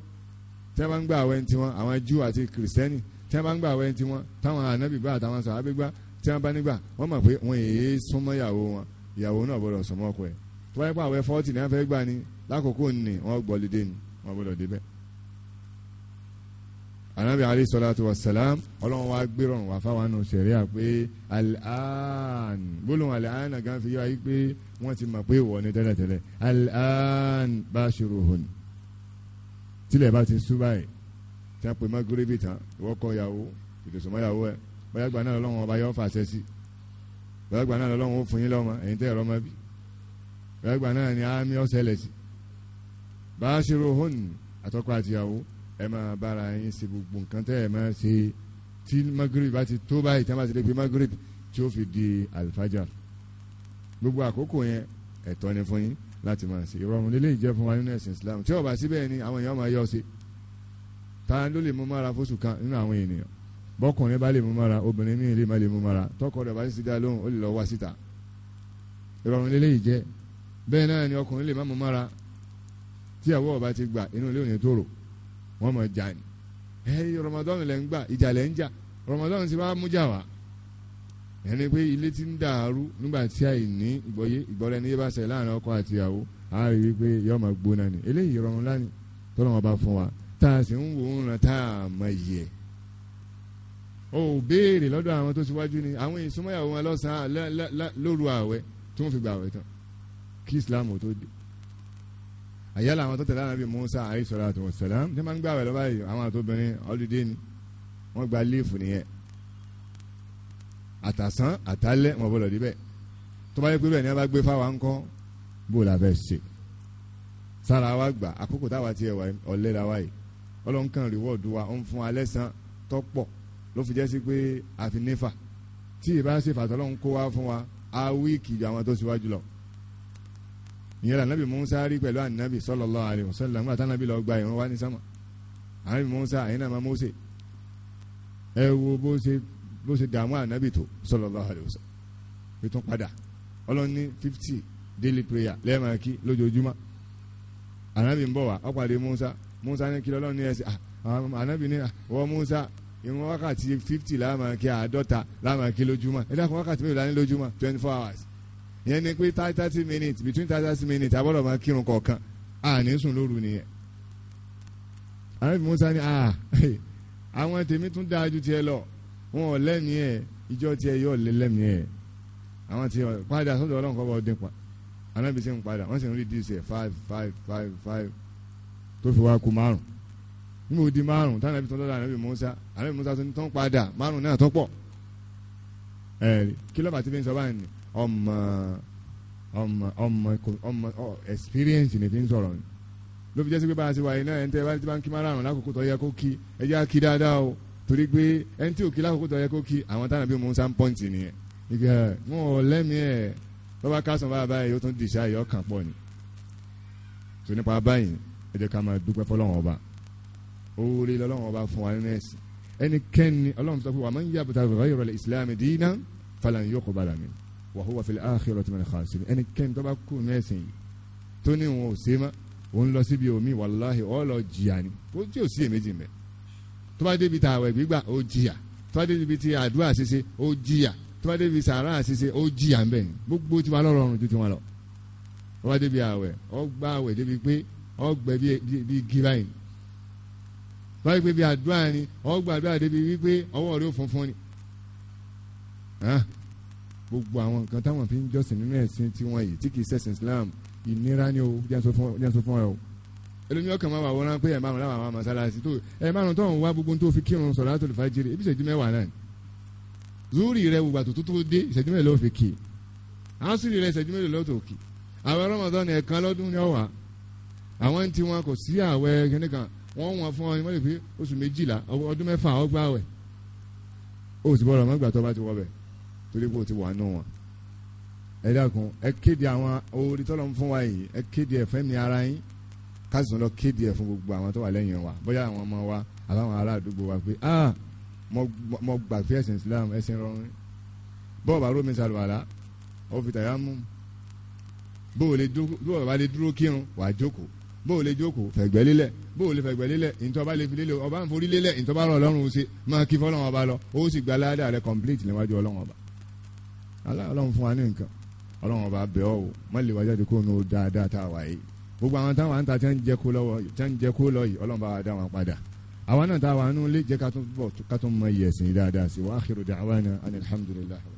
tẹ́ bá ń gbàwẹ̀ tiwọn àwọn Júù àti kìrìsìtẹ́nì tẹ́ bá ń gbàwẹ̀ tiwọn táwọn ànábì gbà àtàwọn sàábé gbà tí wọ́n bá nígbà wọ́n mọ̀ pé wọ́n èé súnmọ́ ìyàwó wọn ìyàwó náà gbọ́dọ̀ súnmọ́ ẹ̀ tó bá yẹ àwẹ̀ fọ́ọ̀tì ní wọ́n gbà ní lákòókò ní wọ́n gbọ́lidé ni wọ́n gbọ́dọ̀ débẹ̀ anabi alayhi salatu wa salam ọlọ́run wa gbéròrùn wà fáwọn àna sẹ̀ríà pé al-an gbólóhùn al-an gan fi yára yí pé wọ́n ti mọ̀ pé ìwọ ni tẹ́lẹ̀tẹ́lẹ̀ al-an bashiruhun tílẹ̀ bá ti sú báyìí tí wọ́n pè má gúrébì tán ìwọ kọ ìyàwó ìtòsùnmọ́ ìyàwó ẹ̀ gba náà lọ́wọ́ ọba yọ fàṣẹ sí bóyá gba náà lọ́wọ́ fún yín lọ́mọ ẹ̀yin tẹ́ ẹ̀rọ ẹ máa bára yín ṣe gbogbo nǹkan tẹ́ ẹ máa ṣe tí magrib bá ti tó báyìí tí wọ́n bá ti lè pe magrib tí ó fi di alifájà gbogbo àkókò yẹn ẹ̀tọ́ ni fún yín láti máa ṣe ìrọ̀rùn lélẹ́ ìjẹ́ fún wa nínú ẹ̀sìn Islam tí ó bá síbẹ̀ ni àwọn èèyàn máa yọ ṣe ta ló lè mú mára fóṣù kan nínú àwọn ènìyàn bọ́kùnrin bá lè mú mára obìnrin míì lè má lè mú mára tọkọ rẹ̀ bá ti dá lóhùn ó lè lọ wá síta ìrọ̀rùn lélẹ́ ìjẹ́ bẹ́ẹ̀ náà ni ọkùnrin lè má mú mára tíyàwó ọba ti gbà inú ilé òní tòrò wọ́n mọ̀ jà ní. ẹ̀yin Ramadan lẹ́ ń gbà ìjà lẹ́ ń jà Ramadan ti bá mú jà wá. ẹni pé ilé ti ń dàrú nígbà tí àìní ìgbọ́yé ìgbọ́lẹ̀ ní yé bá ṣẹlẹ̀ láàrin ọkọ àti ìyàwó a rí wípé yọ máa gbóná ni eléyìí rọrùn lánìí tọ́lọ́ wọn bá fún wa tá a sì ń wò ó ràn tá a mọ yẹ. o ò béèrè lọ́dọ̀ àwọn tó ṣíwájú ni àwọn ìsúnmọ́yàwó wọn lọ́sàn-án lóru ààwẹ̀ tí wọ́n fi gbà ààwẹ̀ tán kí Islam ò tó dé àyàlà àwọn tó tẹ̀lé ànábì Musa alayhi salatu wa salam ní máa ń gbàwẹ̀ lọ́ba yìí àwọn àtòbìnrin ọ̀lùdé ni wọ́n gba líìfù nìyẹn àtàsán àtàlẹ́ wọn bọ̀ lọ́dí bẹ́ẹ̀ tó bá yẹ pé bẹ́ẹ̀ ni wọ́n bá gbé fáwa ńkọ́ bó la fẹ́ ṣe sára wa gbà àkókò táwa tiẹ̀ wà ọ̀lẹ́ la wa yìí ọlọ́nkàn rìwọ́ọ̀dù wa ó ń fún alẹ́ san tọ́pọ̀ ló fi jẹ́ sí pé àfi nífà tí ì wa fún wa a wíìkì ju ìyẹn lànàbì Musa rí pẹ̀lú ànàbì sallallahu alaihi wasallam nígbà tánàbì lọ gba ìrún wá ní sánmà ànàbì Musa àyìn náà máa Mose ẹ wo bó ṣe bó ṣe dààmú ànàbì tó sallallahu alaihi wasallam ètò padà ọlọ́ni fifty daily prayer lẹ́ẹ̀máa kí lójoojúmọ́ ànàbì ń bọ̀ wá ọ̀pàdé Musa Musa ní kí lọ́lọ́ni ẹ̀ sẹ́ ah, ànàbì ní wọ́n Musa ìwọ̀n wákàtí fifty láàmà kí àádọ́ta láàmà kí lójúmọ́ ẹ̀dá kan wákàtí hours yẹn ni pé thirty minutes between thirty minutes abọ́dọ̀ máa kírun kọ̀ọ̀kan a ní sùn lóru nìyẹn. ààrẹ musa ni àwọn tèmi tún dáa ju tiẹ̀ lọ wọn ò lẹ́mìí ẹ̀ ìjọ tiẹ̀ yóò lé lẹ́mìí ẹ̀ àwọn tiẹ̀ padà sọ́dọ̀ ọlọ́run kọ́ bọ́ dín pa anábì sì ń padà wọ́n sì ń rí díìsì ẹ̀ five five five five tó fi wá ku márùn níbo di márùn táwọn ẹbí tó ń dọ́dọ̀ anábì musa anábì musa tó ń padà márùn náà tó pọ̀ ẹ̀ kí lọ́ba fi ń sọ báyìí ọmọ ọmọ ọmọ ọmọ experience ni fi ń sọ̀rọ̀ ni ló fi jẹ́ sí pé bá a ṣe wáyé náà ẹ̀ ń tẹ́ ẹ bá ti bá ń kí márùn-ún lákòókò tó yẹ kó kí ẹ jẹ́ á kí dáadáa o torí pé ẹ̀ ń tí ò kí lákòókò tó yẹ kó kí àwọn táwọn bí mo ń sá ń pọ́ǹtì nìyẹn ìgbà wọn ò lẹ́mìí ẹ̀ bọ́bá kásán bá a báyìí ó tún dìṣà yọ kàn pọ̀ ni tó nípa báyìí ẹ jẹ́ ká máa dúpẹ́ fọlọ́wọ́n ọba oore lọ́lọ́wọ́n ọba fún wa nínú ẹ̀sìn ẹnikẹ́ni ọlọ́run sọ pé wàá máa ń yàgò tàbí ọ̀rọ̀ ìsìlámù dínà falan yuqbala min wa huwa fil akhirati min khasirin ẹnikẹ́ni tó bá kú ní ẹ̀sìn yìí tó ní wọn ò sé mọ́ òun lọ síbi omi wàláhì ọ́ lọ jìyà ni kó tí ò sí èméjì mẹ́ tó bá débi ta àwẹ̀ gbígbà ó jìyà tó bá débi ti àdúrà ṣíṣe ó jìyà tó bá débi sàárà ṣíṣe ó jìyà ń bẹ̀ ni gbogbo tiwa lọ́rọ̀ ọ̀run ju tiwọn lọ tó bá débi àwẹ̀ ó gba àwẹ̀ débi pé ó gbẹ bí gíra yìí tó bá débi bí àdúrà ni ó gba àdúrà débi wípé ọwọ́ rẹ̀ ó funfun ni gbogbo àwọn nǹkan táwọn fi ń jọ́sìn nínú ẹ̀sìn tiwọn yìí tí kì í Islam ìnira ni o jẹ́nsọ fún ẹ o ẹlòmíì ọkàn máa wà wọ́n pé ẹ̀ márùn láwọn àwọn masalasi tó ẹ̀ márùn tó ń wá gbogbo tó fi kírun solatul fajiri ebi ìṣẹ́jú mẹ́wàá náà zúrì rẹ wùgbà tó tó dé ìṣẹ́jú mẹ́lẹ̀ ló fi kì í àásìrì rẹ ìṣẹ́jú mẹ́lẹ̀ ló tó kì í àwọn Ramadan ẹ̀kan lọ́dún ni ó wà àwọn tí wọn torí pé o ti wà nù wọn. ẹ dákun ẹ kéde àwọn orí tọ́lọ́ fún wa yìí ẹ kéde ẹ fẹ́ ara yín kásìtàn lọ kéde ẹ fún gbogbo àwọn tó wà lẹ́yìn wa bóyá àwọn ọmọ wa àbáwọn ará àdúgbò wa pé ah mo gbà pé ẹ̀sìn Islam ẹ̀sìn rọrùn bọ́ọ̀ bá rómi sàlùwàlà ó fi tàyà mú bóò bá lè dúró kírun wàá jókòó bóò lè jókòó fẹ̀gbẹ́ lélẹ̀ bóò lè fẹ̀gbẹ́ lélẹ̀ ntọ́ bá lè fi lélẹ̀ ọba ń forí lélẹ̀ ntọ́ bá rọ̀ ọlọ́run ṣe máa kí fọlọ́run ọba lọ ó sì gba aládàá rẹ complete níwájú ọlọ́run ọba ọlọ́run fún wa ní nǹkan ọlọ́run ọba bẹ̀ ọ́ o má lè wájà tó kó nu dáadáa tá a wà yìí gbogbo àwọn táwọn àǹtà tí wọ́n ń jẹ́ kó lọ́wọ́ tí wọ́n ń jẹ́ kó lọ yìí ọlọ́run bá wa dá wọn padà àwọn náà táwọn àánú lè jẹ́ ká mọ iyẹ̀sìn dáadáa sí wa akhiru da'wana anil hamdulillah